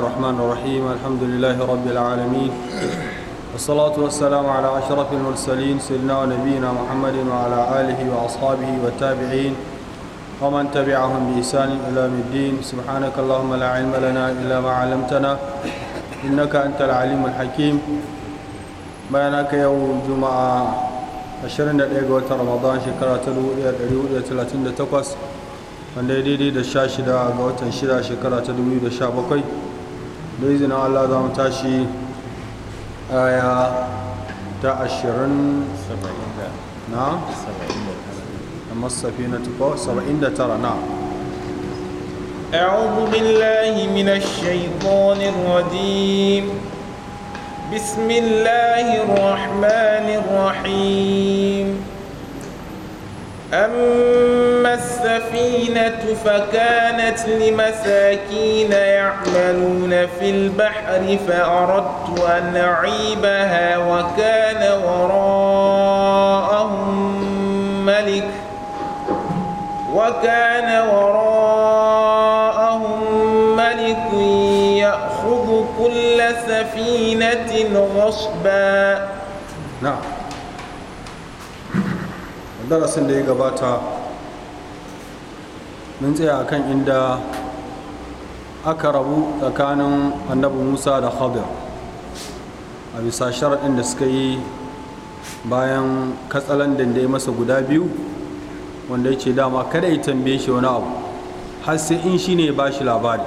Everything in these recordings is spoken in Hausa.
الرحمن الرحيم الحمد لله رب العالمين والصلاة والسلام على أشرف المرسلين سيدنا ونبينا محمد وعلى آله وأصحابه والتابعين ومن تبعهم بإحسان إلى الدين سبحانك اللهم لا علم لنا إلا ما علمتنا إنك أنت العليم الحكيم بينك يوم جمعة عشرين دقيقة رمضان شكرا تلو إلى ثلاثين دقيقة wanda ya daidai da sha shida ga watan shida shekara ta dubu da izinin allah za tashi aya ta ashirin na a masafi na tuko 79 na أعوذ بالله من الشيطان الرجيم بسم الله الرحمن الرحيم أما السفينة فكانت لمساكين يعملون في البحر فأردت أن أعيبها وكان وراءهم ملك وكان وراءهم ملك يأخذ كل سفينة غصبا نعم darasin da ya gabata mun tsaya kan inda aka rabu tsakanin annabi musa da khadir a bisa sharaɗin da suka yi bayan katsalan da ya masa guda biyu wanda ya ce dama kada ya tambaye shi wani abu har sai in shi ne ba shi labari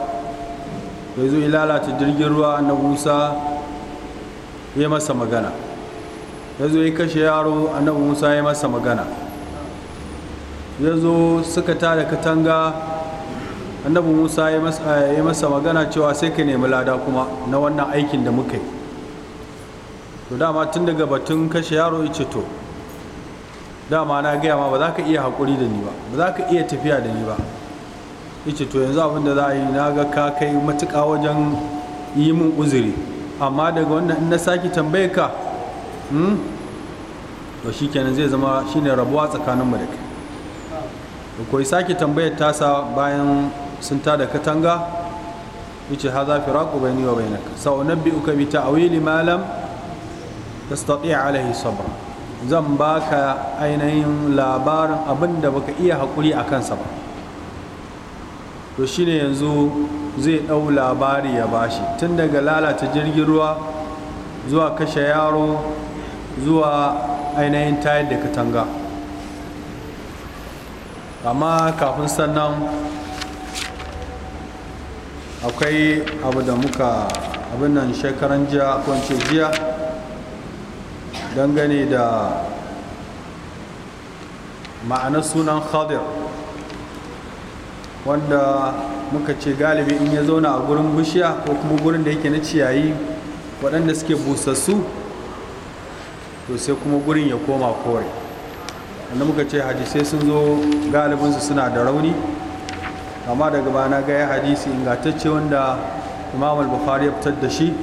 ya zo ya jirgin ruwa annabi musa ya masa magana ya zo ya kashe yaro annabi musa ya masa magana ya zo suka tara katanga annabi musa ya masa magana cewa sai ka nemi lada kuma na wannan aikin da muka yi to dama tun daga batun kashe yaro ce to dama na gaya ma ba za ka iya haƙuri da ni ba ba za ka iya tafiya da ni ba ice to yanzu abin da za a yi na ga ka kai matuka wajen yi min uzuri amma daga wannan in na sake tambayar ka hmm, to shi kenan zai zama shine rabuwa tsakaninmu da kai da sake tambayar tasa bayan sun da katanga yace hadha bai bayni wa bainak sa unabbi'uka bi ta'wili ma lam tastati' alayhi sabra zan baka ainihin labarin abin da baka iya hakuri a kansa ba to shine yanzu zai dau labari ya bashi tun daga lalata jirgin ruwa zuwa kashe yaro zuwa ainihin tayar da katanga amma kafin sannan akwai abu da muka abin nan shekaran jiya kwance jiya dangane da ma'anar sunan khadir wanda muka ce galibi in ya zauna a gurin bishiya ko kuma gurin da yake na ciyayi waɗanda suke busassu to sai kuma gurin ya koma kore wanda muka ce hadisai sun zo galibinsu suna da rauni amma daga bana ga ya hadisi ingantacce wanda imam al-bukhari ya fitar da shi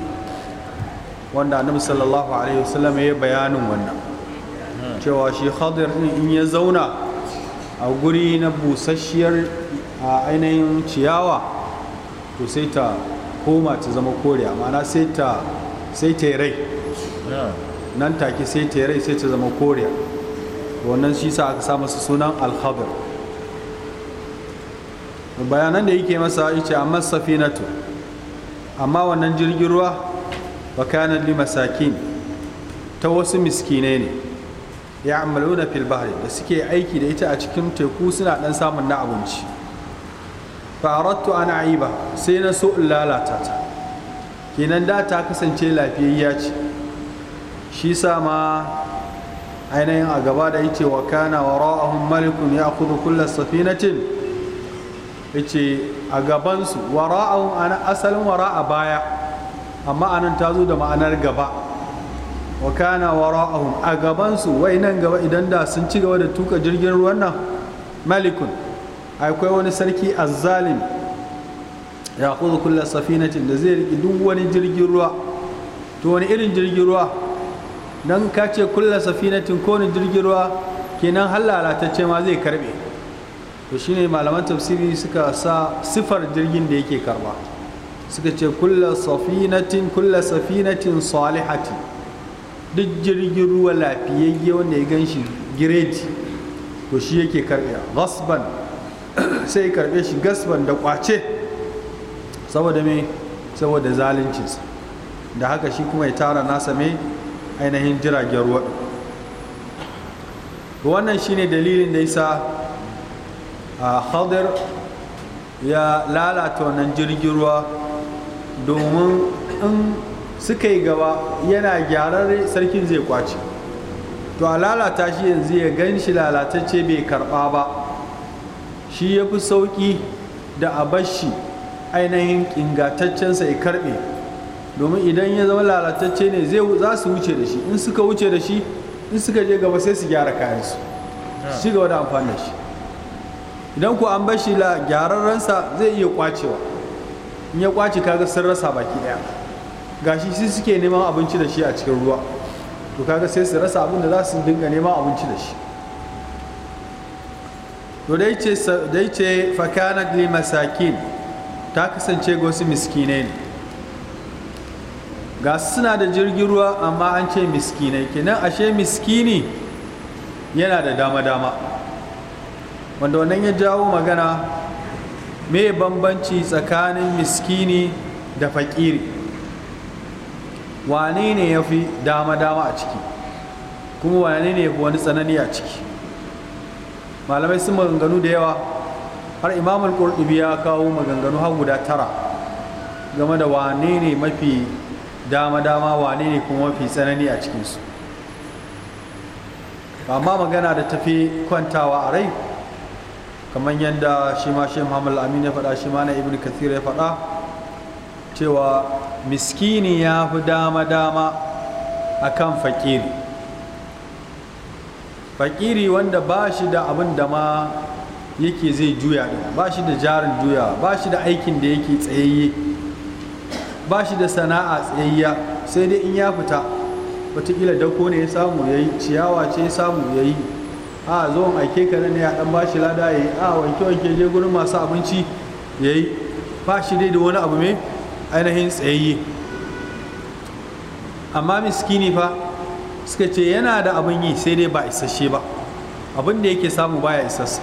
wanda annabi sallallahu alaihi wasallam ya bayanin wannan cewa shi khadir in ya zauna a guri na busasshiyar a ainihin ciyawa to sai ta koma ta zama koriya ma'ana sai ta sai ta rai nan take sai ta rai sai ta zama koriya wannan shi sa aka samu sunan alhabar bayanan da yake masa ce amma safinatu amma wannan jirgin ruwa wa li masakin ta wasu miskinai ne ya amaluna fil bahri da suke aiki da ita a cikin teku suna dan samun na abinci fa aradtu an aiba sai na so in lalata ta kenan da ta kasance lafiyayya ce shi sa ma ainihin a gaba da yace wa kana wara'ahum malikun kudu kulla safinatin yace a gaban su wara'ahum ana asalin wara'a baya amma anan ta zo da ma'anar gaba wa kana wara'ahum a gabansu wai nan gaba idan da sun ci gaba da tuka jirgin ruwan nan malikun akwai wani sarki azzalim ya kuzu kulla safinatin da zai riƙi duk wani jirgin ruwa to wani irin jirgin ruwa don ka ce kulla safinatin kowane jirgin ruwa kenan ta ce ma zai karbe to shine malaman tafsiri suka sa sifar jirgin da yake karba suka ce kulla safinatin kulla safinatin salihati duk jirgin ruwa lafiyayye wanda ya gan shi giredi to shi yake karbe gasban sai karbe shi gasban da kwace saboda me saboda zalincinsa da haka shi kuma ya tara nasa mai ainihin jiragen ruwa wannan shine dalilin da a khadir ya lalata wannan jirgin ruwa domin in suka yi gaba yana gyararre sarkin zai kwace to a lalata shi yanzu ya gan shi lalatacce bai karba ba shi ya fi sauƙi da a bashi ainihin ƙingataccensa ya karɓe domin idan ya zama lalatacce ne zai za su wuce da shi in suka wuce da shi in suka je gaba sai su gyara kayan su shi gaba da amfani da shi idan ku an bashi la ransa zai iya kwacewa in ya kwace kaga sun rasa baki daya gashi shi suke neman abinci da shi a cikin ruwa to kaga sai su rasa abin da za su dinga neman abinci da shi to dai ce dai ce fakanat li masakin ta kasance ga wasu miskinai ne ga suna da jirgin ruwa amma an ce miskinai kenan ashe miskini yana da dama-dama wanda wannan ya jawo magana me bambanci tsakanin miskini da fakiri wane ne ya fi dama-dama a ciki kuma wane ne wani tsanani a ciki malamai sun maganganu da yawa har imamul ƙurɗubi ya kawo maganganu har guda tara game da wane ne mafi dama dama wane ne kuma mafi tsanani a cikinsu amma magana da tafi kwantawa a rai kamar yadda shi ma shi muhammad amin ya faɗa shi ma na ibn kathir ya faɗa cewa miskini ya fi dama dama a kan fakiri fakiri wanda ba shi da abin da ma yake zai juya ba shi da jarin juya ba shi da aikin da yake tsayayye ba shi da sana'a tsayayya sai dai in ya fita watakila dako ne ya samu ya yi ciyawa ce ya samu ya yi a zo aike ka ne ya dan ba shi lada ya yi a wanke wanke je gurin masu abinci ya yi ba shi dai da wani abu mai ainihin tsayayye amma miskini fa suka ce yana da abin yi sai dai ba isasshe ba abin da yake samu baya isassa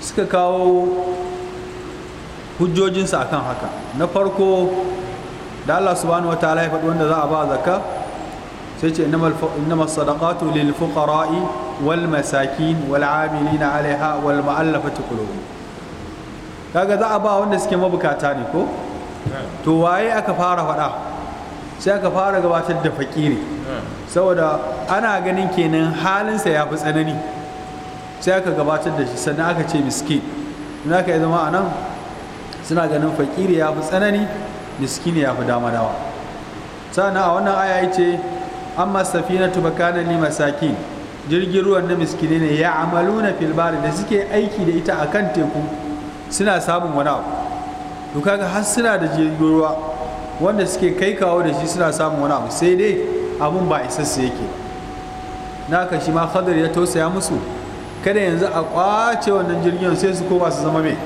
suka kawo hujjojinsa akan haka na farko da Allah subhanahu wa ta'ala ya faɗi wanda za a ba zakka sai ce innamas sadaqatu lil fuqara'i wal masakin wal amilina 'alaiha wal mu'allafati qulubuhum kaga za a ba wanda suke mabukata ne ko to waye aka fara faɗa sai aka fara gabatar da fakiri saboda ana ganin kenan halinsa ya fi tsanani sai aka gabatar da shi sannan aka ce miskin in aka yi zama a nan suna ganin fakiri ya fi tsanani miskini ya fi dama dawa sannan a wannan aya ce amma safina tubakana li masakin jirgin ruwan na miskini ne ya amalu na filbari da suke aiki da ita a kan teku suna samun wani abu to kaga har suna da jirgin ruwa wanda suke kai kawo da shi suna samun wani abu sai dai abun ba isassu yake naka shi ma khadir ya tausaya musu kada yanzu a kwace wannan jirgin sai su koma su zama mai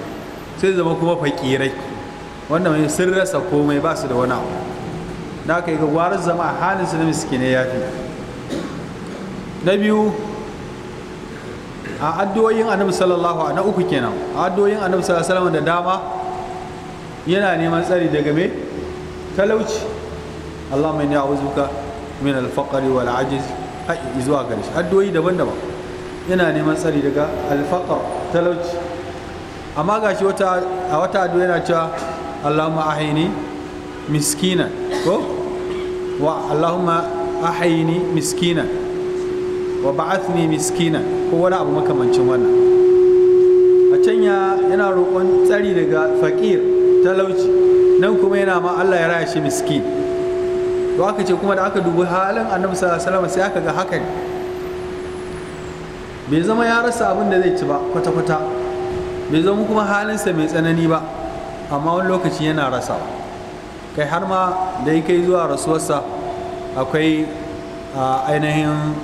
sai zama kuma fakirai wanda mai sun rasa komai ba su da wani abu na aka yi gwarar zama a halin su na miskinai ya fi na biyu a addu'o'in annabi sallallahu na uku kenan a addu'o'in annabi sallallahu alaihi da dama yana neman tsari daga me talauci Allah mai ya uzuka min alfaqari wal ajiz zuwa gare shi addu'o'i daban-daban yana neman tsari daga alfaqar talauci amma ga shi a wata adu yana cewa Allahumma ahini miskina ko wa Allahumma ahini miskina wa ba'athni miskina ko wani abu makamancin wannan a can ya yana roƙon tsari daga fakir talauci nan kuma yana ma Allah ya raya shi miskin to aka ce kuma da aka dubi halin annabi sallallahu alaihi sai aka ga hakan bai zama ya rasa abin da zai ci ba kwata-kwata bai zama kuma halinsa mai tsanani ba amma wani lokaci yana rasa. kai har ma da ya kai zuwa rasuwarsa akwai ainihin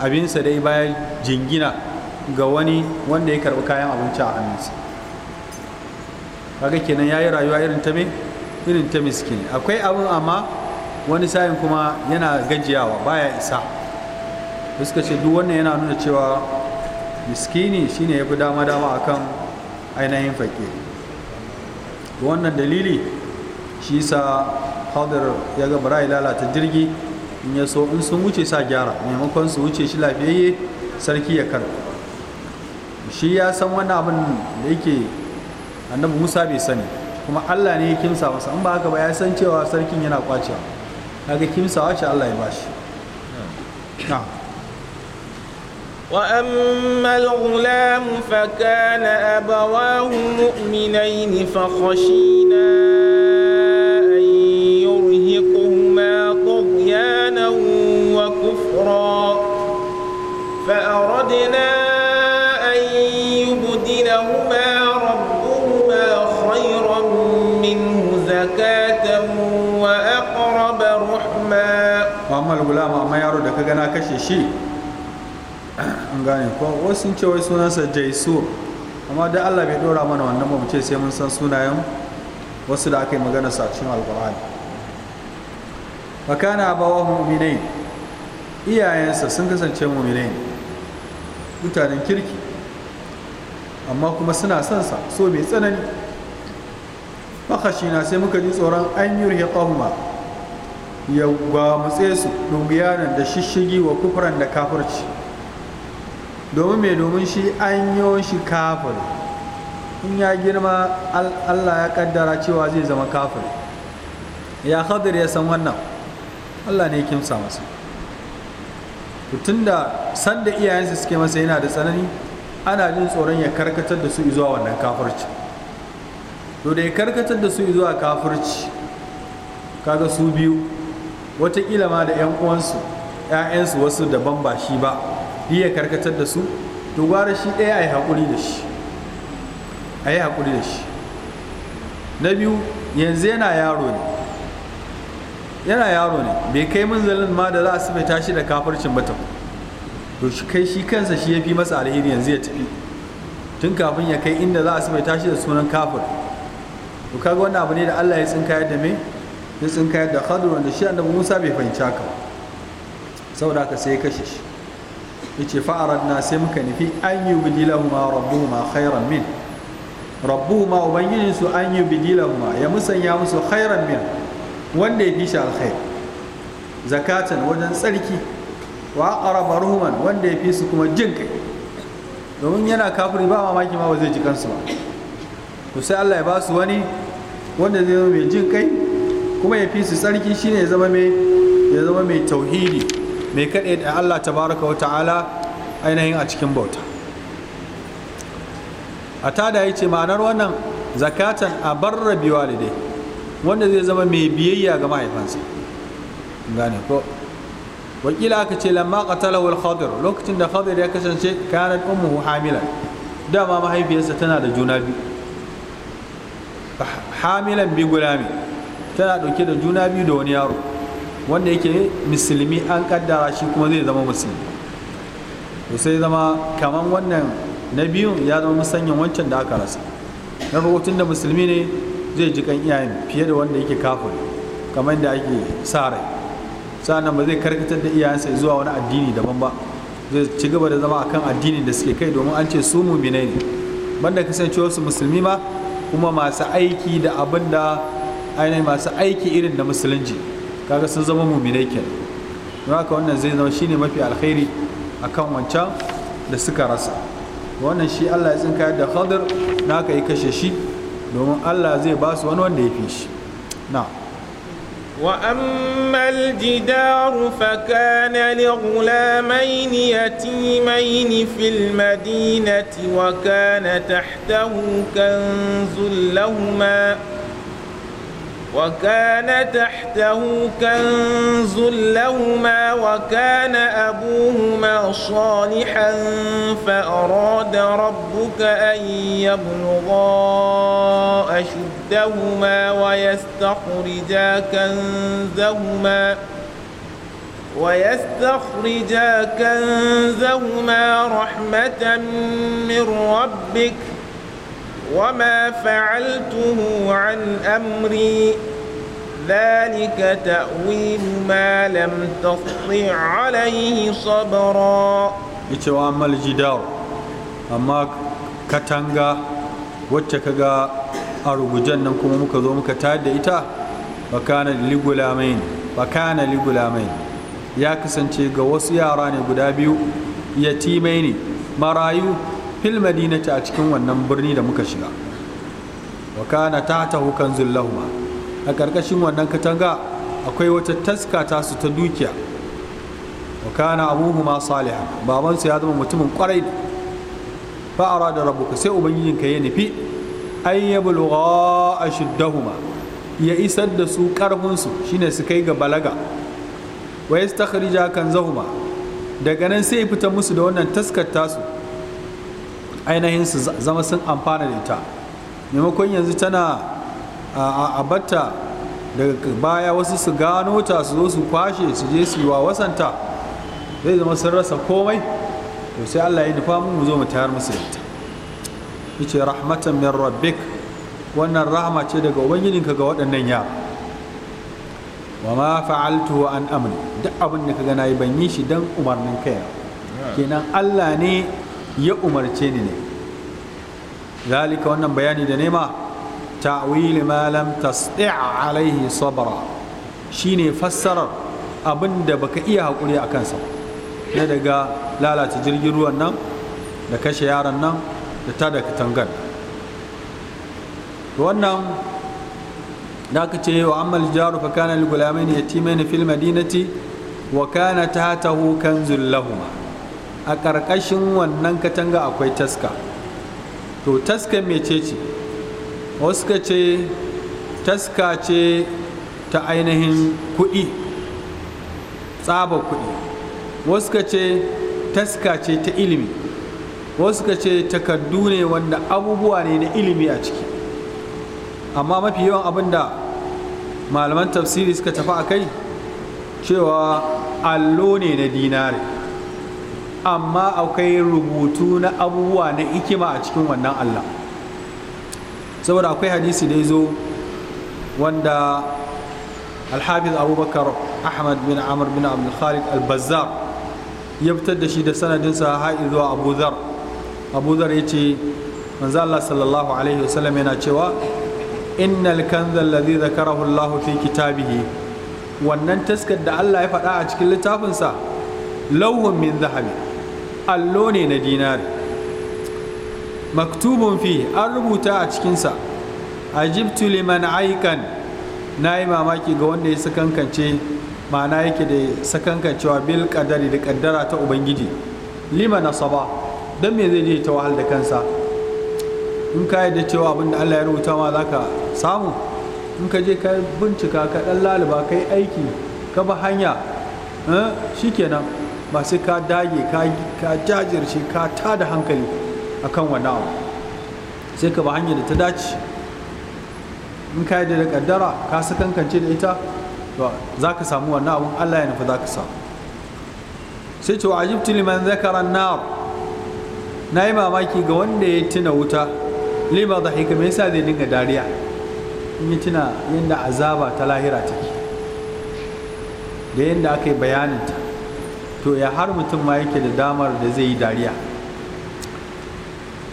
abinsa dai bayan jingina ga wani wanda ya karɓi kayan abinci a hannunsa kaga kenan ya yi rayuwa irin ta irin ta miskin akwai abin amma wani sayin kuma yana gajiyawa baya isa suka ce duk wannan yana nuna cewa miskini shine ya fi dama-dama akan ainihin fakiri wannan dalili shi sa hadar ya ga bara lalata jirgi in ya so in sun wuce sa gyara maimakon su wuce shi lafiyayye sarki ya kar shi ya san wani abin da yake annabi musa bai sani kuma allah ne ya kimsa masa in ba haka ba ya san cewa sarkin yana kwacewa kaga kimsawa shi allah ya bashi وأما الغلام فكان أبواه مؤمنين فخشينا أن يرهقهما طغيانا وكفرا فأردنا أن يبدلهما ربهما خيرا منه زكاة وأقرب رحما وأما الغلام أما يرد كجنا كشيشي gane ko wasu sun ce wai sunansa jaisu amma da Allah bai dora mana wannan ba mu ce sai mun san sunayen wasu da aka yi magana sa cikin alqur'ani wa kana abawahu mu'minai iyayensa sun kasance mu'minai mutanen kirki amma kuma suna son sa so mai tsanani Makashina sai muka ji tsoron an yi rihiqahuma ya gwamutse su dubiyanan da shishigi wa kufuran da kafirci domin mai domin shi an yi shi kafir in ya girma allah ya kaddara cewa zai zama kafir ya khadir ya san wannan allah ne kimsa masa tun da sanda iyayensa suke masa yana da tsanani ana jin tsoron ya karkatar da su zuwa wannan kafirci to da ya karkatar da su zuwa kafirci kaga su biyu watakila ma da 'yan uwansu 'ya'yansu wasu daban ba shi ba iya karkatar da su to gwara shi ɗaya a yi haƙuri da shi a yi haƙuri da shi na biyu yanzu yana yaro ne yana yaro ne bai kai munzalin ma da za a sufe tashi da kafircin batan to shi kai shi kansa shi ya fi masa alheri yanzu ya tafi tun kafin ya kai inda za a sufe tashi da sunan kafir to kaga wannan abu ne da Allah ya tsinkayar da me ya tsinkayar da Khadir wanda shi annabi Musa bai fahimci haka saboda haka sai ya kashe shi yace fa'arar na sai muka nufi an yi bidilahuma rabbuhuma khairan min rabbuhuma ubangijin su an yi bidilahuma ya musanya musu khairan min wanda ya fi shi alkhair zakatan wajen tsarki wa aqraba ruhman wanda ya fi su kuma jin kai domin yana kafiri ba mamaki ma ba zai ji kansu ba to sai Allah ya ba su wani wanda zai zama mai jin kai kuma ya fi su tsarki shine ya zama mai ya zama mai tauhidi mai kaɗe da Allah tabaraka wa ta'ala ainihin a cikin bauta a tada ya ce ma'anar wannan zakatan a barra biwa dai wanda zai zama mai biyayya ga mahaifansa gane ko wakila aka ce lamma qatala wal khadir lokacin da khadir ya kasance kanat ummuhu hamila dama mahaifiyarsa tana da juna biyu hamilan bi gulami tana dauke da juna biyu da wani yaro wanda yake musulmi an kaddara shi kuma zai zama musulmi to sai zama kaman wannan na biyu ya zama musanyan wancan da aka rasa na rubutun da musulmi ne zai ji kan iyayen fiye da wanda yake kafir kamar da ake sa rai sa'annan ba zai karkatar da iyayen iyayensa zuwa wani addini daban ba zai ci gaba da zama akan addinin da suke kai domin an ce su muminai ne banda kasancewar su musulmi ma kuma masu aiki da abin ainihin masu aiki irin da musulunci kaga sun zama muminai kenan don haka wannan zai zama shine mafi alkhairi akan wancan da suka rasa wannan shi Allah ya tsinka da khadir na ka yi kashe shi domin Allah zai ba su wani wanda ya fi shi na وأما الجدار فكان لغلامين يتيمين في المدينة وكان تحته كنز لهما وكان تحته كنز لهما وكان أبوهما صالحا فأراد ربك أن يبلغا أشدهما ويستخرجا كنزهما ويستخرجا كنزهما رحمة من ربك ۖ وما فعلته عن أمري ذلك تأويل ما لم تستطع عليه صبرا ita amma aljidar amma katanga wacce kaga a rugujen nan kuma muka zo muka tada ita bakana ligulamain bakana ya kasance ga wasu yara ne guda biyu yatimai ne marayu fil madinati a cikin wannan birni da muka shiga wa kana tahtahu kan lahum a karkashin wannan katanga akwai wata taska ta su ta dukiya wa kana abuhuma salihan babansu ya zama mutumin kwarai fa arada rabbuka sai ka ya nufi an yablugha ashuddahuma ya isar da su karfinsu shine su kai ga balaga wa yastakhrija kanzahuma daga nan sai fita musu da wannan taskar tasu ainihin su zama sun amfana da ita maimakon yanzu tana a batta daga baya wasu su gano ta su zo su kwashe su je su yi wa wasanta zai zama sun rasa komai to sai Allah ya nufa mu zo mu tayar musu da ita yace rahmatan min rabbik wannan rahma ce daga ubangijin ka ga waɗannan yara wa ma fa'altu an amri duk abin da kaga nayi ban yi shi dan umarnin kai kenan Allah ne ya umarce ni ne zalika wannan bayani da nema ta'wili ma lam tasdi' alaihi sabra shine fassarar abinda baka iya hakuri a kansa na daga lalata jirgin ruwan nan da kashe yaran nan da tada katangar wannan da aka ce wa ammal jaru fa kana lil gulamaini yatimaini fil madinati wa kana tahtahu kanzul lahumah a ƙarƙashin wannan katanga akwai taska to taska mece ce wasu ka ce taska ce ta ainihin kuɗi tsaba kuɗi wasu ka ce taska ce ta ilimi wasu ka ce takardu ne wanda abubuwa ne na ilimi a ciki amma mafi yawan abin da malaman tafsiri suka tafi a kai cewa allo ne na dinare amma akwai rubutu na abubuwa na ikima a cikin wannan Allah saboda akwai hadisi da zo wanda alhafiz abubakar ahmad bin amr bin abdul khalid al-bazzar ya fitar da shi da sanadinsa har zuwa abu zar abu zar ya ce manzo Allah sallallahu alaihi wasallam yana cewa innal kanza alladhi zakarahu Allah fi kitabihi wannan taskar da Allah ya faɗa a cikin littafinsa lauhun min zahabi allo ne na dinari maktubun fi an rubuta a cikinsa ajibtu liman aikan na yi mamaki ga wanda ya sakankance ma'ana yake da sakankancewa bil kadari da kaddara ta ubangiji lima nasaba don me zai je ta wahal da kansa in ka da cewa abin da allah ya rubuta ma za ka samu in ka je ka bincika ka dan laliba ka yi aiki ka ba hanya eh, shi kenan ba sai ka dage ka jajirce ka ta da hankali a kan wani abu sai ka ba hanyar da ta dace in ka yi da kaddara ka kankance da ita za ka samu wa nawa allah ya nufi za ka samu sai ce wa ajibtu liman zakara nawa na yi mamaki ga wanda ya tuna wuta lima da haika me sa zai dinga dariya in yi tuna yadda azaba ta lahira take da yadda aka yi bayaninta to ya har mutum ma yake da damar da zai yi dariya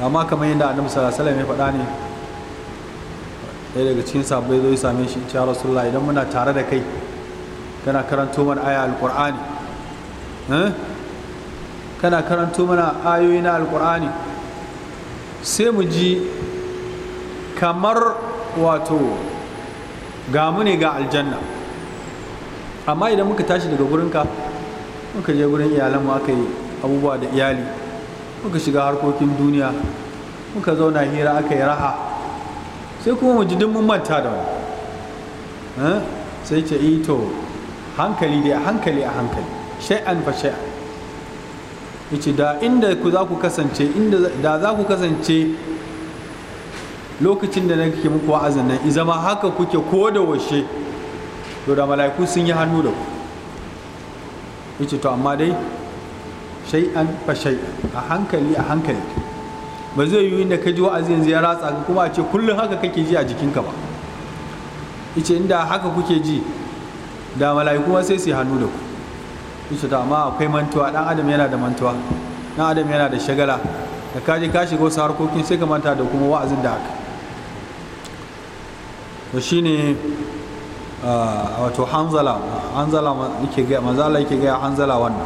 amma kamar yadda annabi sallallahu alaihi ya faɗa ne daga cikin sabbai zai ya same shi ya rasulullah idan muna tare da kai kana karanto mana aya alqur'ani eh? kana karanto mana ayoyi na alqur'ani sai mu ji kamar wato ga mu ne ga aljanna amma idan muka tashi daga gurinka muka je gurin iyalan mu aka yi abubuwa da iyali muka shiga harkokin duniya muka zauna hira aka yi raha sai kuma mu ji duk mun manta da mu eh? sai ce ito eh hankali dai hankali a hankali shay'an fa shay'an yace da inda ku za ku kasance inda da za ku kasance lokacin da nake muku wa'azin nan zama haka kuke ko da washe to da mala'iku sun yi hannu da ku yace to amma dai an fa shay'an a hankali a hankali ba zai yi inda ka ji wa'azi yanzu ya ratsa ka kuma a ce kullum haka kake ji a jikinka ba yace inda haka kuke ji da mala'iku sai su yi hannu da ku yace to amma akwai mantuwa dan adam yana da mantuwa dan adam yana da shagala da ka je ka shiga wasu harkokin sai ka manta da kuma wa'azin da haka to shine Ah, wato hanzala hanzala yake ga manzala yake ga hanzala wannan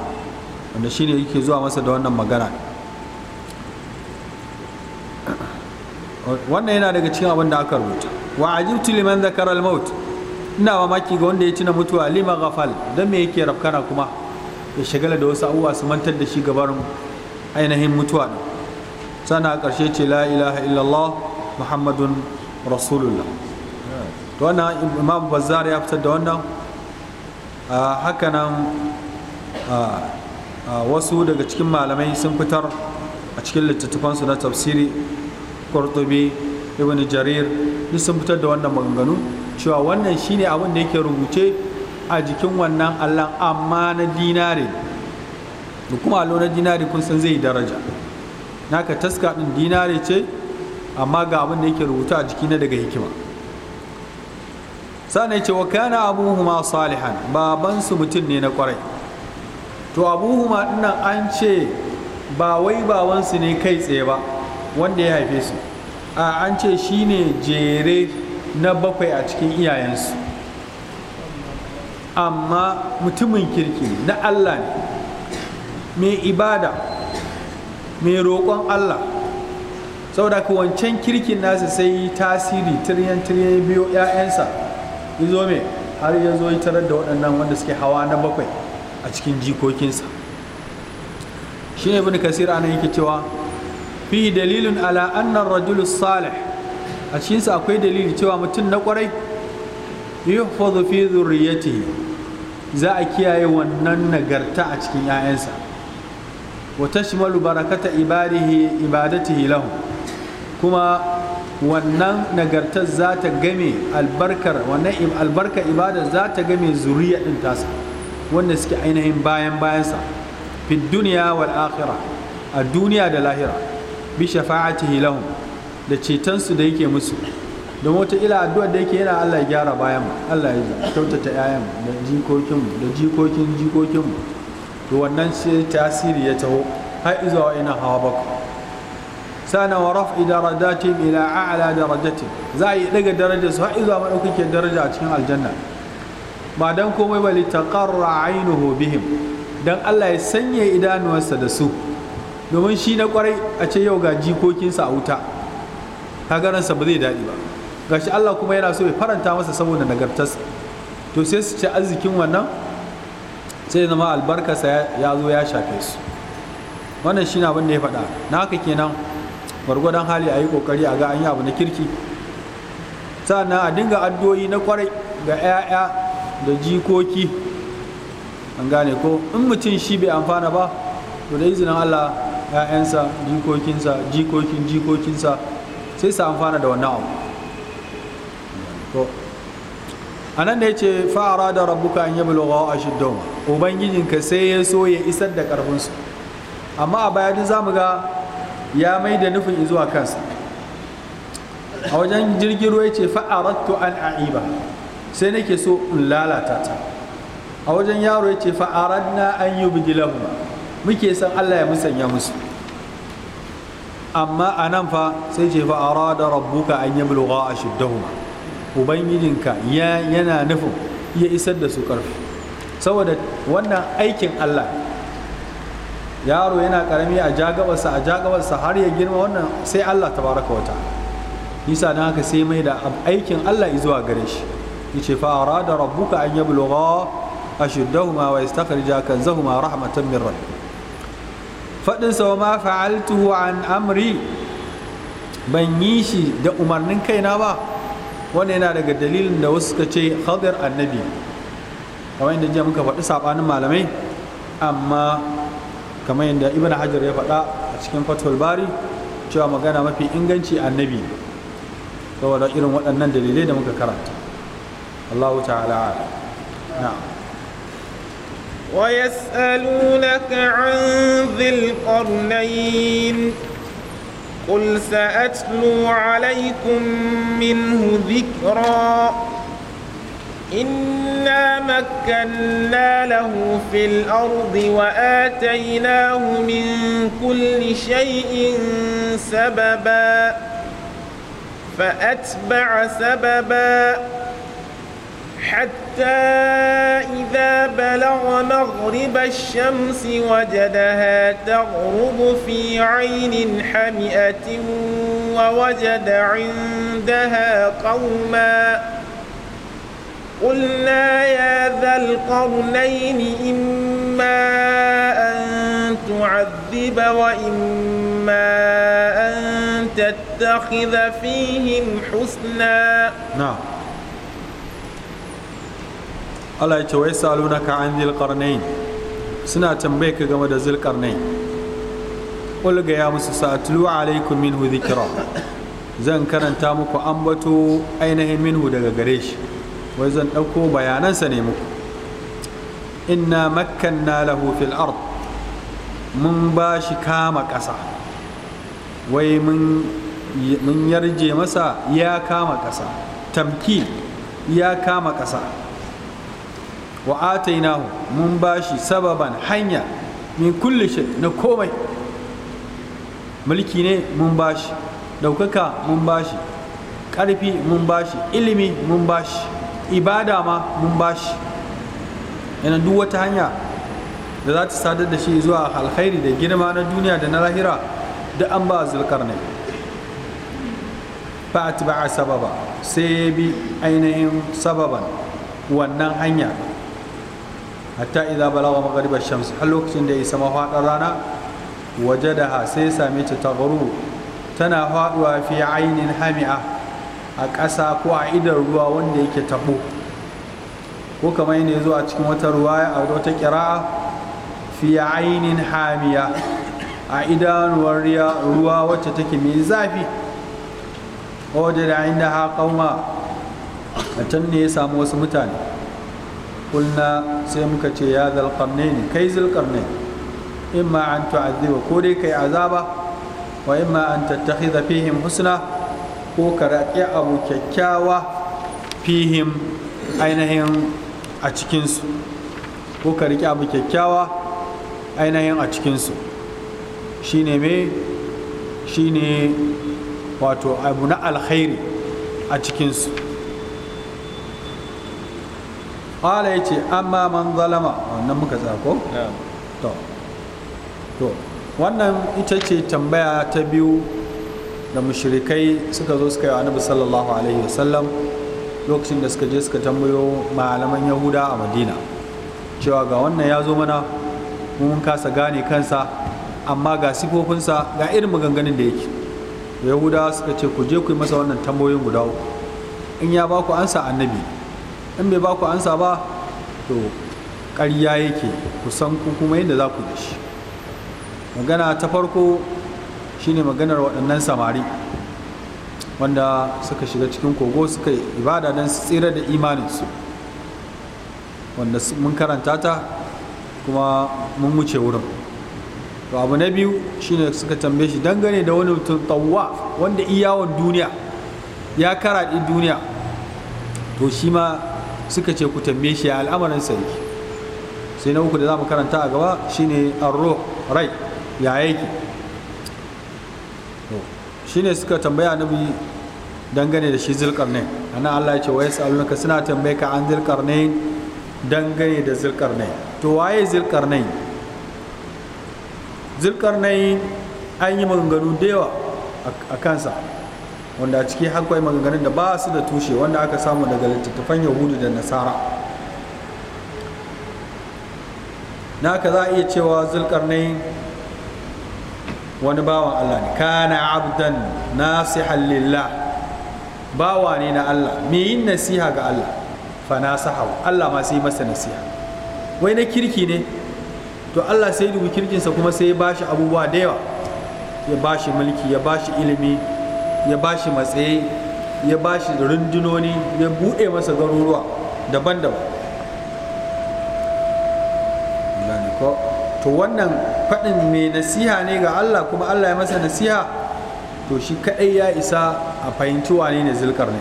wanda shine yake zuwa masa da wannan magana wannan yana daga cikin abin da aka rubuta wa ajibtu liman zakara al-maut ina mamaki ga wanda ya tuna mutuwa lima ghafal dan me yake rafkana kuma ya shagala da wasu abubuwa su mantar da shi gabarin ainihin mutuwa sana a ƙarshe ce la ilaha illallah muhammadun rasulullah to wannan imam bazzar ya fitar da wannan hakanan wasu daga cikin malamai sun fitar a cikin littattafansu na tafsiri kurtubi ibn jarir duk sun fitar da wannan maganganu cewa wannan shine abin da yake rubuce a jikin wannan allon amma na dinare da kuma allo na dinare kun san zai daraja naka taska din dinare ce amma ga abin da yake rubuta a jiki na daga hikima sannan ce wa kana abuhuma salihan babansu mutum ne na kwarai to abuhuma dinnan an ce ba wai babansu ne kai tsaye ba wanda ya haife su a an ce shi ne jere na bakwai a cikin iyayensu amma mutumin kirki na Allah ne mai ibada mai roƙon Allah saboda wancan kirkin nasu sai tasiri tiryan tiryan biyo 'ya'yansa ya zo me har ya zo tarar da waɗannan wanda suke hawa na bakwai a cikin jikokinsa shi ne bin kasir ana yake cewa fi dalilin ala annan rajul salih a cikinsa akwai dalili cewa mutum na kwarai yuhfazu fi zurriyatihi za a kiyaye wannan nagarta a cikin 'ya'yansa wa tashmalu barakata ibadihi ibadatihi lahu kuma wannan nagartar za ta game albarkar wannan albarkar ibada za ta game zuriya din tasa wanda suke ainihin bayan bayansa fi duniya wal akhirah a duniya da lahira bi shafa'atihi lahum da cetonsu da yake musu don wata ila addu'a da yake yana Allah ya gyara bayan Allah ya kyautata yayan da jikokinmu da jikokin jikokinmu to wannan sai tasiri ya taho har izuwa ina hawa baka sana wa raf'i darajatin ila a'la darajati za a yi daga daraja su har zuwa madaukakin daraja a cikin aljanna ba dan komai ba litaqarra aynuhu bihim dan Allah ya sanya idanuwarsa da su domin shi na kwarai a ce yau ga jikokinsa a wuta kaga ransa ba zai daɗi ba gashi Allah kuma yana so ya faranta masa saboda sa to sai su ci arzikin wannan sai zama albarkarsa ya zo ya shafe su wannan shi na abin da ya faɗa na haka kenan gwargwadon hali a yi kokari a ga an yi abu na kirki sannan a dinga addu'o'i na kwarai ga 'ya'ya da jikoki an gane ko in mutum shi bai amfana ba to da izinin allah 'ya'yansa jikokinsa jikokin jikokinsa sai su amfana da wannan abu a nan da ya ce fa'ara da rabuka an yi bulogawa a shiddon ubangijinka sai ya so ya isar da ƙarfinsu amma a baya duk za mu ga ya mai da nufin zuwa kansa a wajen jirgin ruwa ce fa'arattu an a'iba sai nake so in lalata ta a wajen yaro ya ce na an yi bidilahu muke san Allah ya musanya musu amma a nan fa sai ce da rabbuka an yi bulga a shiddahu ubangijinka yana nufin iya isar da su ƙarfi saboda wannan aikin Allah yaro yana karami a jagabarsa a jagawarsa har ya girma wannan sai Allah ta baraka wata nisa don haka sai mai da aikin Allah zuwa gare shi ce, fara da rabbuka an yablugha ashuddahuma wa yastakhrija kanzahuma rahmatan min rabbik fadin sa ma fa'altuhu an amri ban yi shi da umarnin kaina ba wannan yana daga dalilin da wasu suka ce khadir annabi kamar inda jiya muka faɗi saɓanin malamai amma kamar yadda ibn hajar ya faɗa a cikin fatul bari cewa magana mafi inganci annabi saboda irin waɗannan dalilai da muka karanta Allahu ta'ala na'am ويسألونك عن ذي القرنين قل سأتلو عليكم منه ذكرًا إنا مكنا له في الأرض وآتيناه من كل شيء سببا فأتبع سببا حتى إذا بلغ مغرب الشمس وجدها تغرب في عين حمئة ووجد عندها قوماً Ƙulna يا ذا القرنين إما أن تعذب وإما أن تتخذ فيهم حسنا ya ce wai saluna ka an zil qarnain suna tambaye ka game da zil qarnain qul ga ya musu satlu alaikum minhu dhikra zan karanta muku ambato ainihin minhu daga gare shi wai zan ɗauko bayanansa ne muku inna makkanna lahu fil ard mun ba shi kama ƙasa wai mun yarje masa ya kama ƙasa tamki ya kama ƙasa wa atainahu mun ba shi sababan hanya min kulli shi na komai mulki ne mun ba shi ɗaukaka mun ba shi ƙarfi mun ba shi ilimi mun ba shi ibada ma mun bashi yana duk wata hanya da za ta sadar da shi zuwa alkhairi da girma na duniya da na lahira da an ba ne? ba a sababa sai ya bi ainihin sababan wannan hanya hatta idza balawa maghriba shams har lokacin da ya sama fadar rana ha sai same ta taghru tana faɗuwa fi ainin hami'a a ƙasa ko a idan ruwa wanda yake taɓo ko kamar ne zuwa cikin wata ruwa a wata ƙira fi ainin hamiya a idanuwar ruwa wacce take mai zafi wadda da inda ha a can ne ya samu wasu mutane kulna sai muka ce ya zalƙarne ne kai In ma an tu'azziba ko dai kai azaba wa ma an tattakhidha fihim husna ko ka abu kyakkyawa fihim ainihin a cikinsu ko karaƙi riƙe abu kyakkyawa ainihin a cikinsu shi ne mai shi ne wato abu na alkhairi a cikinsu ƙwala ya ce amma man zalama wannan muka tsako? to wannan ita ce tambaya ta biyu da mushrikai suka zo suka yi annabi sallallahu alaihi wasallam lokacin da suka je suka tambayo malaman yahuda a madina cewa ga wannan ya zo mana mun kasa gane kansa amma ga sifofinsa ga irin maganganun da yake yahuda suka ce ku je ku yi masa wannan tambayoyin guda uku in ya ba ku ansa annabi in bai ba ku ansa ba to ƙarya yake ku san ku kuma yadda za ku yi shi magana ta farko shine maganar waɗannan samari wanda suka shiga cikin kogo suka yi ibada don su tsira da imaninsu wanda mun karanta ta kuma mun wuce wurin to abu na biyu shine suka tambaye shi dangane da wani mutum tawwa wanda iyawon duniya ya karaɗi duniya to shi ma suka ce ku tambaye shi ya al'amarin sarki sai na uku da za mu karanta a gaba shine arro rai ya yake shine suka tambaya annabi dangane da shi zulkarnain anan Allah ya ce wai sa'alunka suna tambaye ka an zulkarnain dangane da zulkarnain to waye zulkarnain zulkarnain an yi maganganu da yawa a kansa wanda a ciki hankali maganganun da ba su da tushe wanda aka samu daga littattafan yahudu da nasara na ka za a iya cewa zulkarnain wani bawan Allah ne kana abdan nasihan lillah bawa ne na Allah me yin nasiha ga Allah fa nasahu Allah ma sai masa nasiha wai na kirki ne to Allah sai dubi kirkinsa kuma sai ya bashi abubuwa da yawa ya bashi mulki ya bashi ilimi ya bashi matsayi ya bashi rundunoni ya buɗe masa garuruwa daban-daban to wannan faɗin mai nasiha ne ga Allah kuma Allah ya masa nasiha to shi kaɗai ya isa a fahimci wane ne zilkar ne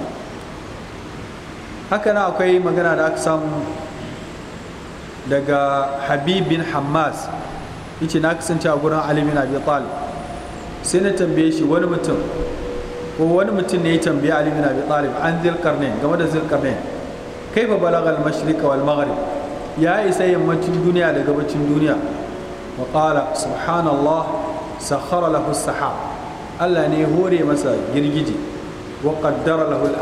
haka na akwai magana da aka samu daga habib bin hamas yace na kasance a gurin ali bin abi sai na tambaye shi wani mutum ko wani mutum ne ya tambaye ali bin abi talib an ne game da ne kaifa ba balagal mashriq wal maghrib ya isa yammacin duniya da gabacin duniya وقال سبحان الله سخر له السحاب الله ne hore masa girgije wa qaddara lahu al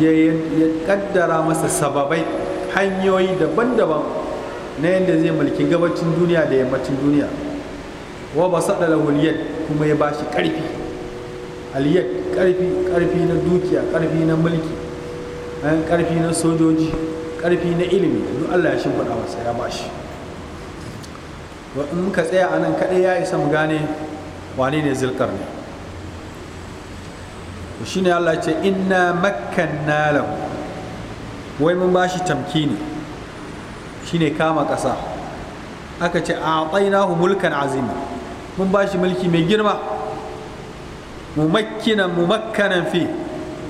ya kaddara masa sababai hanyoyi daban-daban na yadda zai mulki gabacin duniya da yammacin duniya wa ba saɗa al-yad kuma ya bashi shi ƙarfi yad karfi ƙarfi na dukiya ƙarfi na mulki ƙarfi na sojoji ƙarfi na ilimi duk Allah ya shimfiɗa masa ya bashi in muka tsaya a nan kaɗai ya isa mu gane wane ne zulƙarni shi ne Allah ce inna makkanna lahu wai mun ba shi ne shi ne kama ƙasa aka ce a tsainahu mulkan azumi mun ba shi mulki mai girma mumakkinan mumakkanan fi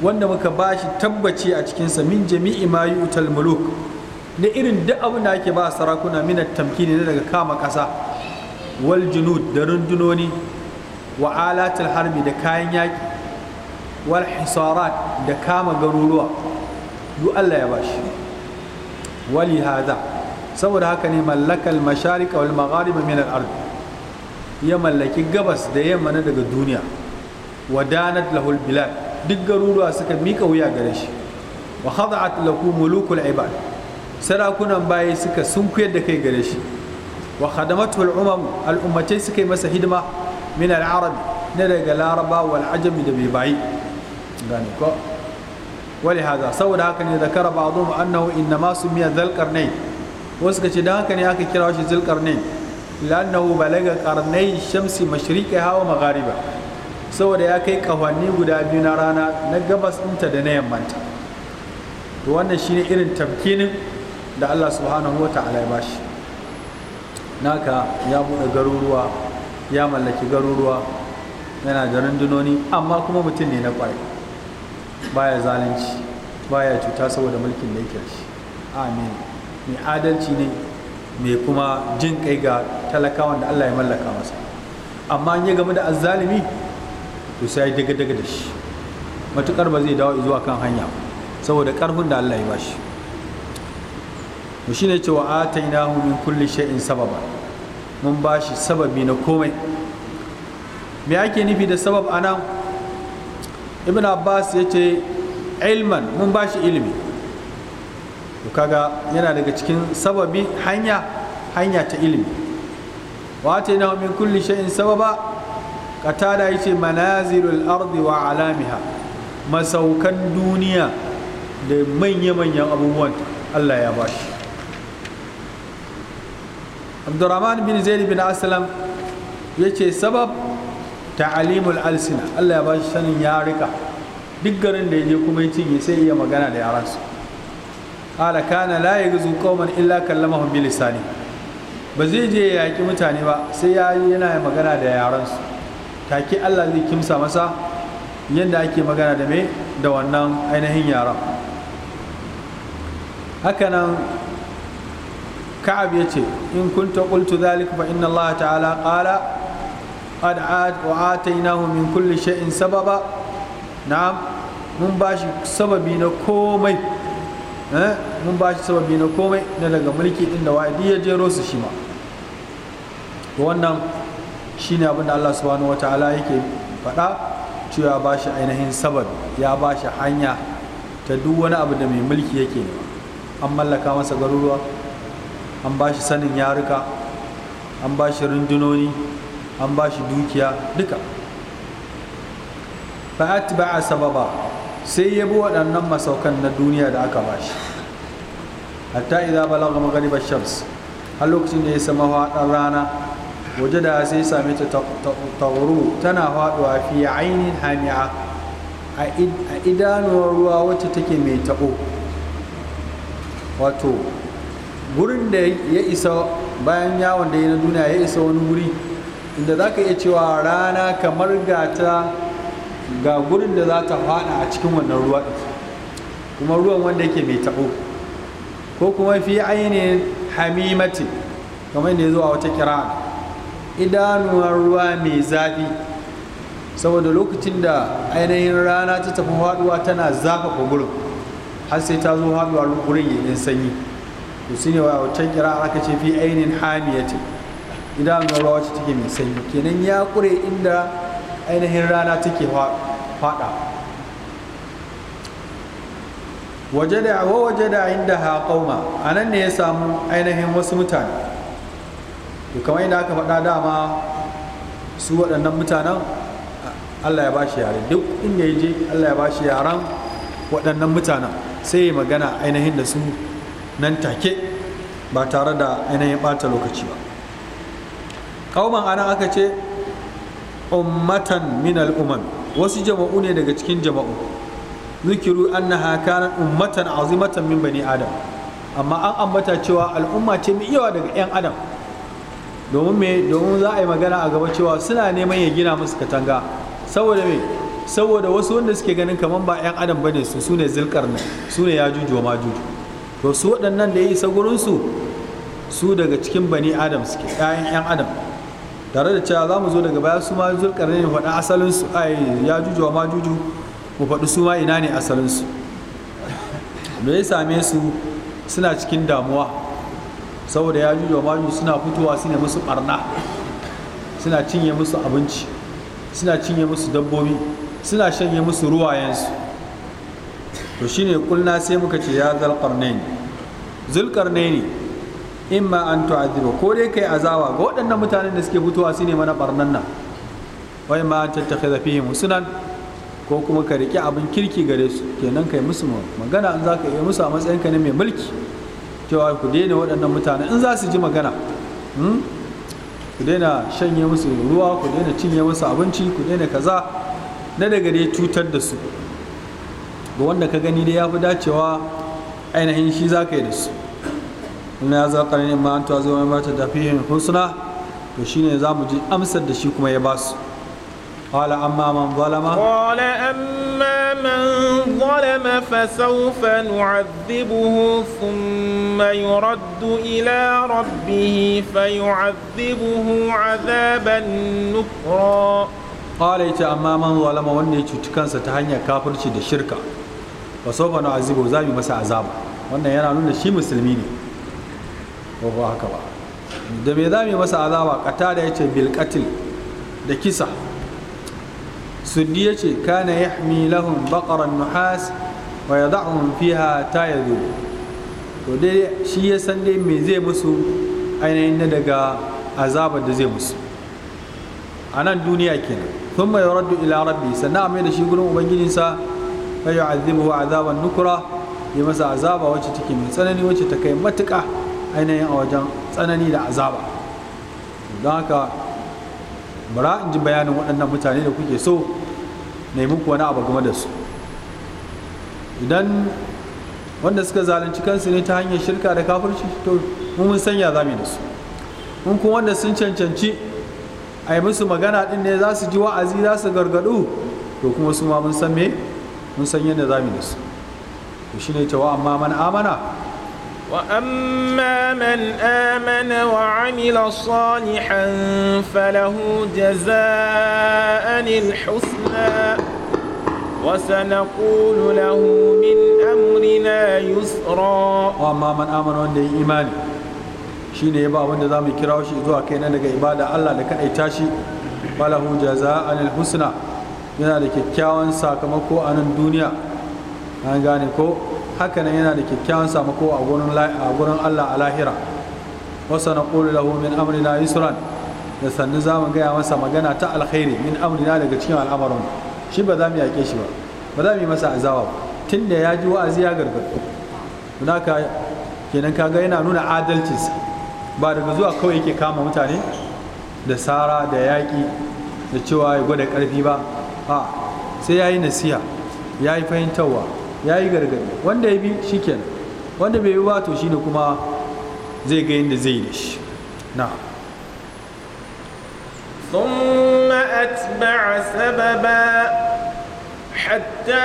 wanda muka ba shi tabbaci a cikinsa min jami'i ma yu'tal muluk Na irin duk abin da ake ba sarakuna mina tamkini na daga kama ƙasa wal junud da rundunoni wa alatul harbi da kayan yaƙi wal hisarat da kama garuruwa duk Allah ya bashi wali hada saboda haka ne mallakal masharik wal magharib min al ard ya mallaki gabas da yamma na daga duniya wadanat lahul bilad duk garuruwa suka mika wuya gare shi wa khada'at lahu mulukul ibad sarakunan baya suka sunkuyar da kai gare shi wa khadamatu al-umam al-ummatai suka yi masa hidima min al-arab na daga laraba wal ajami da bai bayi gane ko wali hada saboda haka ne zakara ba'dhum annahu inna ma sumiya dhal qarnayn wasu ka ce dan haka ne aka kira shi dhal qarnayn lannahu balaga qarnay shamsi mashriqiha wa maghariba saboda ya kai kafanni guda biyu na rana na gabas ɗinta da na yammanta to wannan shine irin tamkinin da Allah subhanahu wa ta'ala ya bashi naka ya buɗe garuruwa ya mallaki garuruwa yana da rundunoni amma kuma mutum ne na ƙwarai baya zalunci baya cuta saboda mulkin da yake shi amin mai adalci ne mai kuma jin kai ga talakawan da Allah ya mallaka masa amma in ya game da azzalimi to sai daga daga da shi matukar ba zai dawo zuwa kan hanya saboda karfin da Allah ya bashi mu ne cewa atainahu min kulli shay'in sababa mun bashi sababi na komai me ake nufi da sabab ana ibn abbas ya ce ilman mun bashi ilimi to kaga yana daga cikin sababi hanya hanya ta ilimi wa atainahu min kulli shay'in sababa ya yace manazilul ardi wa alamiha masaukan duniya da manya-manyan abubuwan Allah ya bashi abdurrahman bin zaid bin aslam ya ce sabab ta'alimul alsina allah ya ba shi sanin yarika duk garin da ya je kuma ya cinye sai iya magana da yaransu ala kana la yaghzu qauman illa kallamahum bi lisani ba zai je ya yaki mutane ba sai ya yana magana da yaransu take allah zai kimsa masa yadda ake magana da me da wannan ainihin yaran haka nan ka'ab ya ce in kunta qultu dhalika fa inna Allah ta'ala qala qad wa atainahu min kulli shay'in sababa na'am mun bashi sababi na komai eh, mun bashi sababi na komai na daga mulki inda da wa'idi ya jero su shi ma wannan shine abin da Allah subhanahu yake faɗa cewa ba shi ainihin sababi ya ba shi hanya ta duk wani abu da mai mulki yake an mallaka masa garuruwa an ba shi sanin yaruka an ba shi rundunoni an ba shi dukiya duka ba'at ba'a sababa sai ya bi waɗannan masaukan na duniya da aka ba shi hatta idza balagha maghriba shams har lokacin da ya sama haɗar rana waje da sai same ta tawuru tana haɗuwa fi ainin hami'a a idanuwar ruwa wacce take mai taɓo wato gurin da ya isa bayan yawon da ya na duniya ya isa wani wuri inda za ka iya cewa rana kamar gata ga gurin da za ta fada a cikin wannan ruwa kuma ruwan wanda yake mai taɓo ko kuma fi ainihin hamimati kamar da ya zo a wata kira idanuwa ruwa mai zafi saboda lokacin da ainihin rana ta tafi haɗuwa tana zafafa gurin har sai ta zo haɗuwa gurin yin sanyi to su ne wa can kira aka ce fi ainihin ce, idan idanun ruwa wacce take mai sanyi kenan ya kure inda ainihin rana take fada waje da wa waje da inda ha kauma a nan ne ya samu ainihin wasu mutane to kamar inda aka faɗa dama su waɗannan mutanen allah ya ba shi yare duk inda ya je allah ya ba shi yaren waɗannan mutanen sai ya magana ainihin da su nan take ba tare da yanayin bata lokaci ba ƙauman ana aka ce ummatan min al'umam wasu jama'u ne daga cikin jama'u zikiru na hakanan ummatan azimatan min bani adam amma an ambata cewa al'umma ce mai yawa daga 'yan adam domin me domin za a yi magana a gaba cewa suna neman ya gina musu katanga saboda me saboda wasu wanda suke ganin kamar ba 'yan adam bane su sune ne sune juju wa majuju to su waɗannan da ya isa gurinsu su daga cikin bani adam suke ɗayan 'yan adam tare da cewa za mu zo daga baya su ma zulƙarni ne faɗa asalinsu ai ya juju wa ma juju mu faɗi su ma ina ne asalinsu da ya same su suna cikin damuwa saboda ya juju wa ma juju suna fitowa su ne musu ɓarna suna cinye musu abinci suna cinye musu dabbobi suna shanye musu ruwayensu to shine kulna sai muka ce ya zalqarnain zulqarnain imma an tu'adhiba ko dai kai azawa ga waɗannan mutanen da suke fitowa su mana barnan nan wai ma tattakhidha fihim musnan ko kuma ka riƙe abin kirki gare su kenan kai musu magana in za yi musu a matsayin ka ne mai mulki cewa ku daina waɗannan mutane in za su ji magana hmm? ku daina shanye musu ruwa ku daina cinye musu abinci ku daina kaza na daga dai cutar da su ga wanda ka gani dai ya fi dacewa ainihin shi za ka yi da su ina ya zaƙar ne ma ta zama ma ta tafiyin husna to shine za mu ji amsar da shi kuma ya ba su قال أما من ظلم قال أما من ظلم فسوف نعذبه ثم يرد إلى ربه فيعذبه عذابا نكرا قال أما من ظلم وأن يتكنس تهنيا كافر da shirka. wa sofa na azibu za mu masa azaba wannan yana nuna shi musulmi ne ko ba haka ba da me za mu masa azaba kata da yace bil qatl da kisa suddi yace kana yahmi lahum baqaran nuhas wa yad'uhum fiha tayadu to dai shi ya san dai me zai musu ainihin na daga azabar da zai musu a nan duniya kenan sun mai raddu ila rabbi sannan a mai da shi gurin ubangijinsa fa yu'adhibuhu azaban nukra ya masa azaba wacce take mai tsanani wacce ta kai matuka ainihin a wajen tsanani da azaba don haka bara in ji bayanin waɗannan mutane da kuke so na yi muku wani abu game da su idan wanda suka zalunci kansu ne ta hanyar shirka da kafirci to mun sanya za mu da su mun kuma wanda sun cancanci a yi musu magana ɗin ne za su ji wa'azi za su gargaɗu to kuma su ma mun san me mun san yadda za mu nisa to shine ya wa amma mana amana wa amma man amana wa amila salihan falahu jaza'an husna wa sanaqulu lahu min amrina yusra wa amma man amana wanda ya imani shine ya ba wanda za mu kira shi zuwa kai na daga ibada Allah da kadaita shi falahu jaza'an husna yana da kyakkyawan sakamako a nan duniya an gane ko hakanan yana da kyakkyawan sakamako a gurin allah a lahira wasu na ƙoli lahu min amrina yusran da sannu za mu gaya masa magana ta alkhairi min amrina daga cikin al'amarin shi ba za mu yaƙe shi ba ba za mu yi masa azawa tun da ya ji wa'azi ya gargaɗo don kenan kaga yana nuna adalcinsa ba daga zuwa kawai yake kama mutane da sara da yaƙi da cewa ya gwada ƙarfi ba A'a, sai ya yi nasiya ya yi fahimtarwa ya yi gargaɗi wanda ya bi shi wanda bai yi ba to shi ne kuma zai ga yadda zai da shi na Thumma atba'a sababa hatta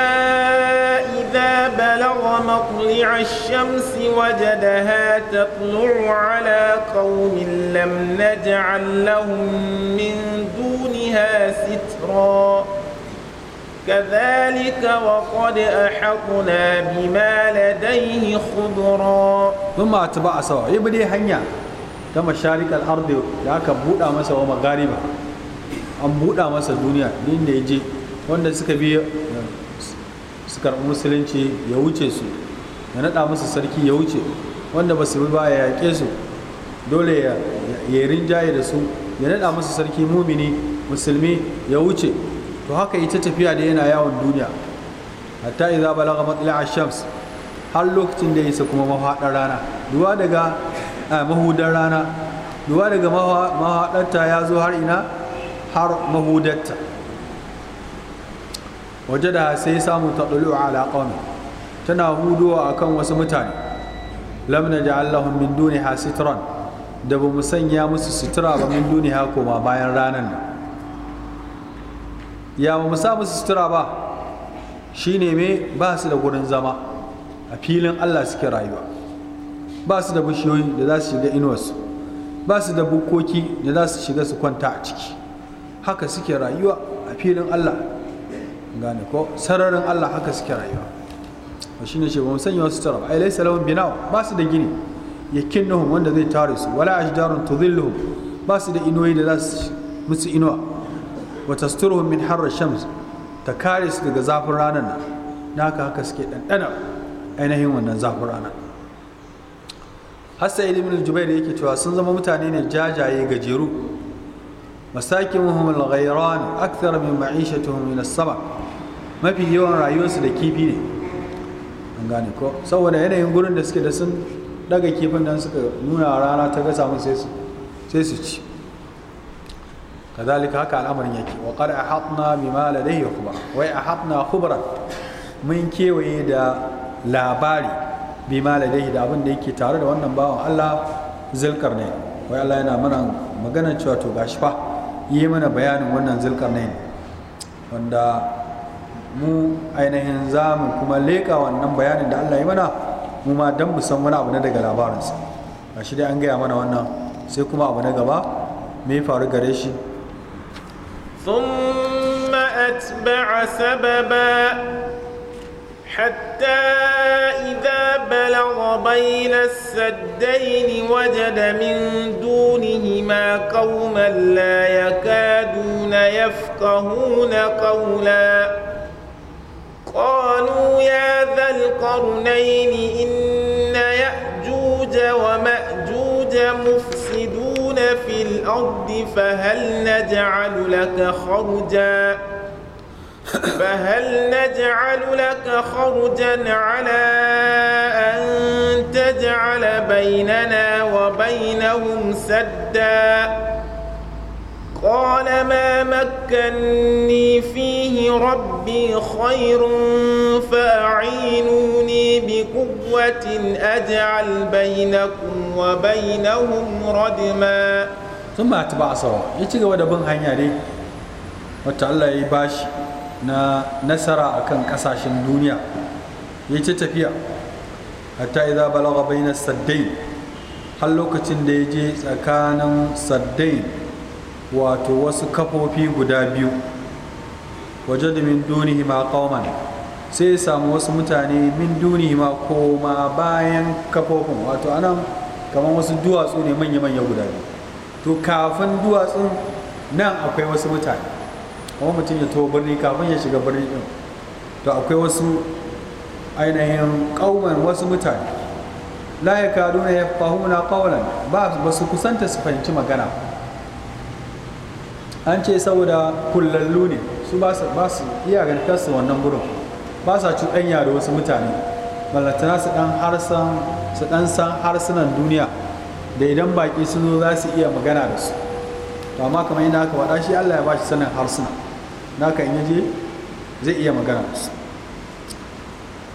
idza balagha matli'a ash-shamsi wajadaha tatlu'u 'ala qaumin lam naj'al lahum min duniha sitra كذلك وقد أحطنا بما لديه خبرا ثم أتبع سوا يبدي هنيا ta masharik al'ardi da aka buɗa masa wa magariba an buɗa masa duniya inda ya je wanda suka bi su karɓi musulunci ya wuce su ya naɗa musu sarki ya wuce wanda ba su ba ya dole ya rinjaye da su ya naɗa masa sarki mumini musulmi ya wuce to haka ita tafiya da yana yawon duniya hatta idza balagha matla ash-shams har lokacin da yasa kuma mafaɗar rana duwa daga eh, mahudar rana duwa daga ya zo har ina har mahudarta waje da sai samu ta ɗulu ala tana hudowa a kan wasu mutane lamna da allahun min duni ha sitran da ba mu sanya musu sutura ba min duni ha koma bayan ranar nan ya ba mu sa musu sutura ba Shi ne me ba su da gurin zama a filin Allah suke rayuwa ba su da bishiyoyi da za su shiga inuwarsu ba su da bukkoki da za su shiga su kwanta a ciki haka suke rayuwa a filin Allah gane ko sararin Allah haka suke rayuwa ba ne ce ba mu sanya wasu sutura ba A laysa lahum binaw ba su da gini kinnuhun wanda zai tare su wala ajdarun tudhilluhum ba su da inuwoyi da za su musu inuwa wa tasturuhum min harra shams ta kare su daga zafin ranar nan naka haka suke ɗanɗana ainihin wannan zafin ranar hasa ilimin jubair yake cewa sun zama mutane ne jajaye gajeru Masakin muhimmin ghayran akthar min ma'ishatuhum min as-sama mafi yawan rayuwarsu da kifi ne an gane ko saboda yanayin gurin da suke da sun daga kifin don suka nuna rana ta gasa mun sai su ci kazalika haka al'amarin yake wa qad ahatna bima ladayhi khubra wa ahatna khubra mun kewaye da labari bima ladayhi da abin da yake tare da wannan bawan Allah zulkarne wai Allah yana mana magana cewa to gashi fa yi mana bayanin wannan zulkarne wanda mu ainihin zamu kuma leka wannan bayanin da Allah ya mana mu ma dan mu san wani abu na daga labarinsa gashi dai an gaya mana wannan sai kuma abu na gaba me faru gare shi ثم أتبع سببا حتى إذا بلغ بين السدين وجد من دونهما قوما لا يكادون يفقهون قولا قالوا يا ذا القرنين إن يأجوج ومأجوج مفسدون في الأرض فهل نجعل لك خرجا فهل نجعل لك خرجا على أن تجعل بيننا وبينهم سدًّا قال ما مكني فيه ربي خير فأعينوني بقوة أجعل بينكم وبينهم ردما ثم أتبع سوا يتيغ ودى بن علي ناري وطا يباش نا نسرا أكن كساش الدنيا يتيت حتى إذا بلغ بين السدين هل لوكتين ديجي سكان سدين, سدين. wato wasu kafofi guda biyu waje da min duni ma qauman sai samu wasu mutane min duni ma koma bayan kafofin wato anan kamar wasu duwatsu ne manya-manya guda biyu to kafin duwatsun nan akwai wasu mutane kuma mutum ya to birni kafin ya shiga birni din to akwai wasu ainihin kauman wasu mutane la ya kaduna ya fahimuna kaunan ba su kusanta su fahimci magana an ce saboda kullallu ne su ba su ba su iya gantarsu wannan gurin ba sa cuɗanya da wasu mutane ballatana su ɗan harsan su dan san harsunan duniya da idan baƙi sun zo za su iya magana da su to amma kamar yadda aka faɗa shi Allah ya ba shi sanin harsuna naka in yaje zai iya magana da su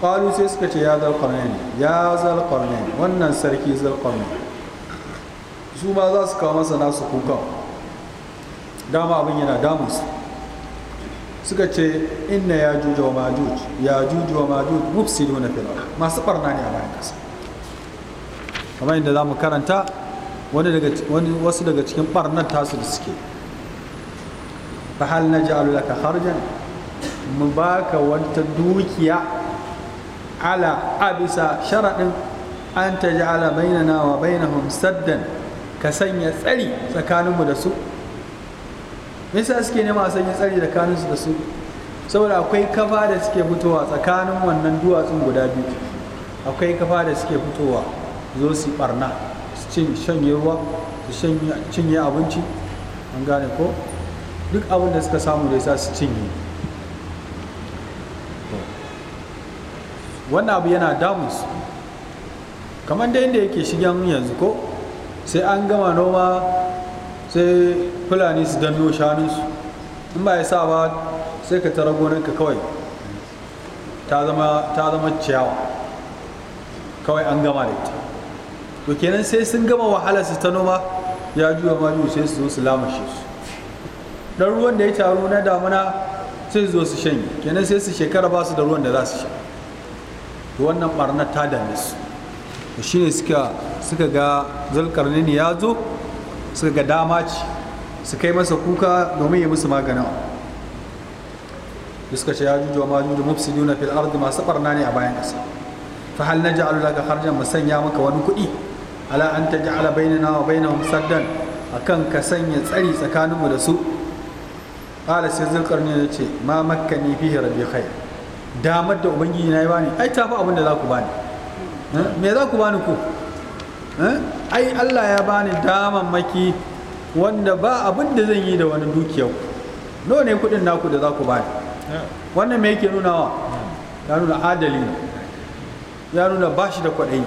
qalu sai suka ce ya zal qarnain ya zal qarnain wannan sarki zal qarnain su ma za su kawo masa nasu kuka. dama abin yana damunsa suka ce inna ya juja wa majuj ya juja wa majuj mufsidu na filar masu barna ne a bayan kasa kamar yadda za mu karanta wasu daga cikin barnar tasu da suke fahal na ja'alu laka harjan mu baka wata dukiya ala abisa sharaɗin an ta ja'ala bainana wa bainahum saddan ka sanya tsari tsakaninmu da su me yasa suke nema a sanya tsari da su da su saboda akwai kafa da suke fitowa tsakanin wannan duwatsun guda biyu akwai kafa da suke fitowa zo su barna su shanye ruwa su cinye abinci an gane ko duk abin da suka samu da yasa su cinye wannan abu yana damus kamar da yake shigen yanzu ko sai an gama noma sai fulani su danno shanunsu in ba ya sa ba sai ka tara gonanka kawai ta zama ciyawa kawai an gama da ita to kenan sai sun gama wahala su ta noma ya juya maju sai su zo su lamashe su dan ruwan da ya taru na damuna sai zo su shanye kenan sai su shekara ba su da ruwan da za su sha to wannan barna ta dame su shine suka suka ga zulkarnin ya zo su ga dama ce su kai masa kuka domin ya musu magana da suka ce ya juju wa majuju mufsiduna fil ardi masu barna ne a bayan ƙasa fa hal naj'alu laka kharjan mu sanya maka wani kuɗi ala an ta taj'ala bainana wa bainahum saddan akan ka sanya tsari tsakaninmu da su qala sai zulqarni ya ce ma makkani fihi rabbi khair damar da ubangiji na yi bani ai tafi abin da za ku bani eh, me za ku bani ko. Eh? ai Allah ya bani maki wanda ba abin da zan yi da wani dukiyar nawa ne kuɗin naku da za ku bani wannan me yake wa? ya nuna adali ya nuna ba shi da kwaɗayi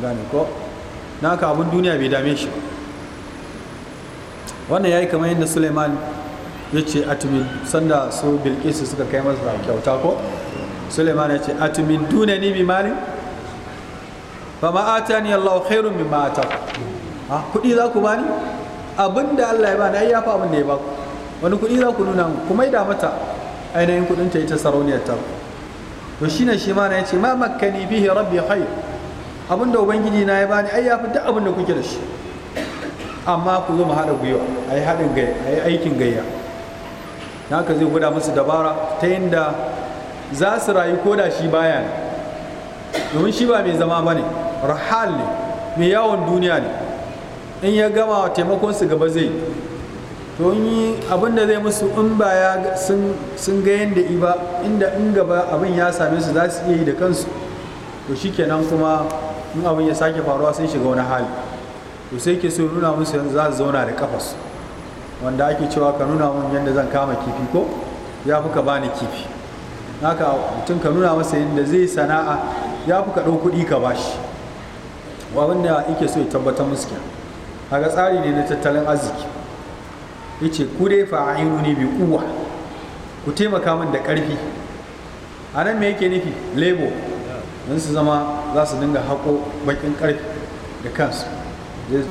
gane ko na ka abin duniya bai dame shi wannan ya yi kamar yadda suleiman ya ce atumin sanda su bilkisu suka kai masa kyauta ko suleiman ya ce atumin duniya ni bi malin fa ma atani Allah khairun mimma ataku ha kudi za ku bani abinda Allah ya bani ai ya fa abin da ya baku wani kudi za ku nuna ku maida mata ainihin kudin ta ita sarauniyar ta to shine shi ma na yace ma makkani bihi rabbi khair abinda ubangiji na ya bani ai ya fi duk abin da kuke da shi amma ku zo mu haɗa gwiwa a yi haɗin ai aikin gayya na haka zai gwada musu dabara ta yadda za su rayu ko da shi baya domin shi ba mai zama ba ne rahal ne mai yawon duniya ne in ya gama taimakon su gaba zai to yi abin da zai musu in ba ya sun ga yadda iba inda in gaba abin ya same su za su iya yi da kansu to shikenan kuma in abin ya sake faruwa sun shiga wani hali to sai ke so nuna musu yanzu za su zauna da kafas wanda ake cewa ka nuna mun yadda zan kama kifi ko ya fi ka bani kifi haka mutum ka nuna masa yadda zai sana'a ya fi ka ɗau kuɗi ka bashi wa wanda yake so ya tabbatar musu kenan kaga tsari ne na tattalin arziki ya ce ku dai fa ne bi kuwa ku taimaka min da ƙarfi a nan me yake nufi lebo don su zama za su dinga haƙo baƙin karfi da kansu